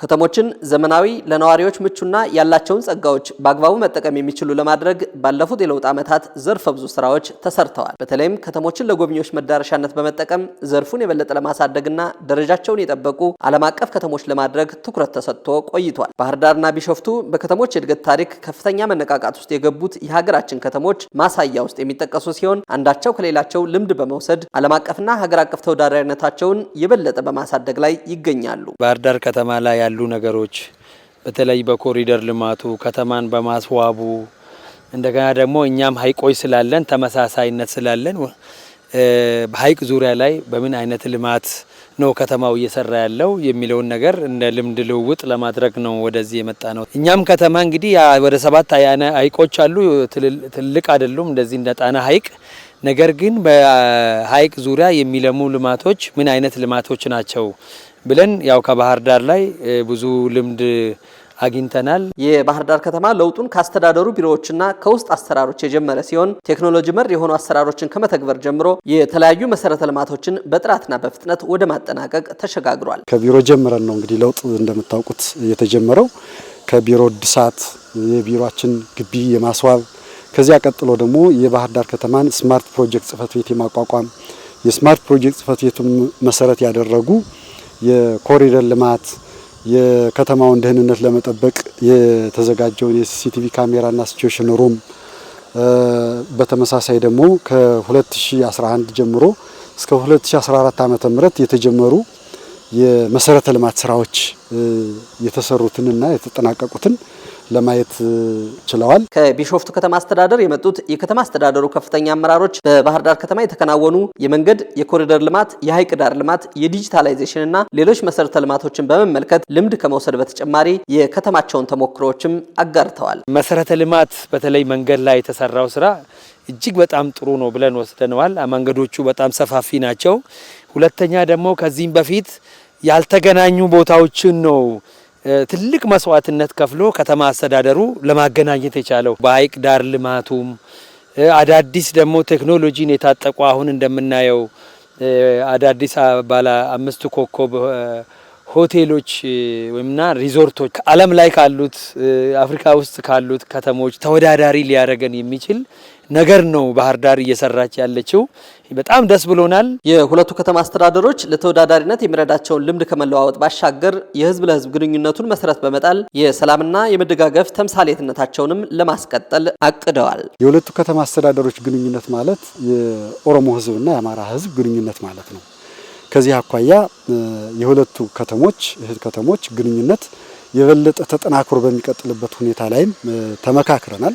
ከተሞችን ዘመናዊ ለነዋሪዎች ምቹና ያላቸውን ጸጋዎች በአግባቡ መጠቀም የሚችሉ ለማድረግ ባለፉት የለውጥ ዓመታት ዘርፈ ብዙ ስራዎች ተሰርተዋል። በተለይም ከተሞችን ለጎብኚዎች መዳረሻነት በመጠቀም ዘርፉን የበለጠ ለማሳደግና ደረጃቸውን የጠበቁ ዓለም አቀፍ ከተሞች ለማድረግ ትኩረት ተሰጥቶ ቆይቷል። ባህር ዳርና ቢሾፍቱ በከተሞች የእድገት ታሪክ ከፍተኛ መነቃቃት ውስጥ የገቡት የሀገራችን ከተሞች ማሳያ ውስጥ የሚጠቀሱ ሲሆን አንዳቸው ከሌላቸው ልምድ በመውሰድ ዓለም አቀፍና ሀገር አቀፍ ተወዳዳሪነታቸውን የበለጠ በማሳደግ ላይ ይገኛሉ። ባህር ዳር ከተማ ላይ ያሉ ነገሮች በተለይ በኮሪደር ልማቱ ከተማን በማስዋቡ እንደገና ደግሞ እኛም ሀይቆች ስላለን ተመሳሳይነት ስላለን በሀይቅ ዙሪያ ላይ በምን አይነት ልማት ነው ከተማው እየሰራ ያለው የሚለውን ነገር እንደ ልምድ ልውውጥ ለማድረግ ነው ወደዚህ የመጣ ነው። እኛም ከተማ እንግዲህ ወደ ሰባት ሀይቆች አሉ። ትልቅ አይደሉም እንደዚህ እንደ ጣና ሀይቅ። ነገር ግን በሀይቅ ዙሪያ የሚለሙ ልማቶች ምን አይነት ልማቶች ናቸው ብለን ያው ከባህር ዳር ላይ ብዙ ልምድ አግኝተናል። የባህር ዳር ከተማ ለውጡን ከአስተዳደሩ ቢሮዎችና ከውስጥ አሰራሮች የጀመረ ሲሆን ቴክኖሎጂ መር የሆኑ አሰራሮችን ከመተግበር ጀምሮ የተለያዩ መሰረተ ልማቶችን በጥራትና በፍጥነት ወደ ማጠናቀቅ ተሸጋግሯል። ከቢሮ ጀምረን ነው እንግዲህ ለውጥ እንደምታውቁት የተጀመረው ከቢሮ እድሳት፣ የቢሮችን ግቢ የማስዋብ ከዚያ ቀጥሎ ደግሞ የባህር ዳር ከተማን ስማርት ፕሮጀክት ጽህፈት ቤት የማቋቋም የስማርት ፕሮጀክት ጽህፈት ቤቱን መሰረት ያደረጉ የኮሪደር ልማት የከተማውን ደህንነት ለመጠበቅ የተዘጋጀውን የሲሲቲቪ ካሜራና ሲቹዌሽን ሩም በተመሳሳይ ደግሞ ከ2011 ጀምሮ እስከ 2014 ዓ ምህረት የተጀመሩ የመሰረተ ልማት ስራዎች የተሰሩትንና የተጠናቀቁትን ለማየት ችለዋል። ከቢሾፍቱ ከተማ አስተዳደር የመጡት የከተማ አስተዳደሩ ከፍተኛ አመራሮች በባህር ዳር ከተማ የተከናወኑ የመንገድ፣ የኮሪደር ልማት፣ የሀይቅ ዳር ልማት፣ የዲጂታላይዜሽን እና ሌሎች መሰረተ ልማቶችን በመመልከት ልምድ ከመውሰድ በተጨማሪ የከተማቸውን ተሞክሮዎችም አጋርተዋል። መሰረተ ልማት በተለይ መንገድ ላይ የተሰራው ስራ እጅግ በጣም ጥሩ ነው ብለን ወስደነዋል። መንገዶቹ በጣም ሰፋፊ ናቸው። ሁለተኛ ደግሞ ከዚህም በፊት ያልተገናኙ ቦታዎችን ነው ትልቅ መስዋዕትነት ከፍሎ ከተማ አስተዳደሩ ለማገናኘት የቻለው በሀይቅ ዳር ልማቱም አዳዲስ ደግሞ ቴክኖሎጂን የታጠቁ አሁን እንደምናየው አዳዲስ ባለ አምስት ኮከብ ሆቴሎች ወይምና ሪዞርቶች ዓለም ላይ ካሉት አፍሪካ ውስጥ ካሉት ከተሞች ተወዳዳሪ ሊያደረገን የሚችል ነገር ነው ባህር ዳር እየሰራች ያለችው። በጣም ደስ ብሎናል። የሁለቱ ከተማ አስተዳደሮች ለተወዳዳሪነት የሚረዳቸውን ልምድ ከመለዋወጥ ባሻገር የህዝብ ለህዝብ ግንኙነቱን መሰረት በመጣል የሰላምና የመደጋገፍ ተምሳሌትነታቸውንም ለማስቀጠል አቅደዋል። የሁለቱ ከተማ አስተዳደሮች ግንኙነት ማለት የኦሮሞ ህዝብና የአማራ ህዝብ ግንኙነት ማለት ነው። ከዚህ አኳያ የሁለቱ ከተሞች እህት ከተሞች ግንኙነት የበለጠ ተጠናክሮ በሚቀጥልበት ሁኔታ ላይም ተመካክረናል።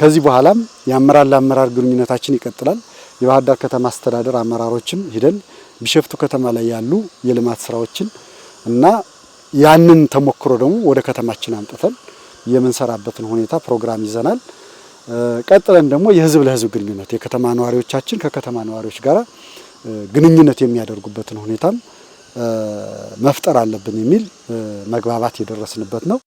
ከዚህ በኋላም የአመራር ለአመራር ግንኙነታችን ይቀጥላል። የባህር ዳር ከተማ አስተዳደር አመራሮችም ሂደን ቢሸፍቱ ከተማ ላይ ያሉ የልማት ስራዎችን እና ያንን ተሞክሮ ደግሞ ወደ ከተማችን አምጥተን የምንሰራበትን ሁኔታ ፕሮግራም ይዘናል። ቀጥለን ደግሞ የህዝብ ለህዝብ ግንኙነት የከተማ ነዋሪዎቻችን ከከተማ ነዋሪዎች ጋር ግንኙነት የሚያደርጉበትን ሁኔታም መፍጠር አለብን የሚል መግባባት የደረስንበት ነው።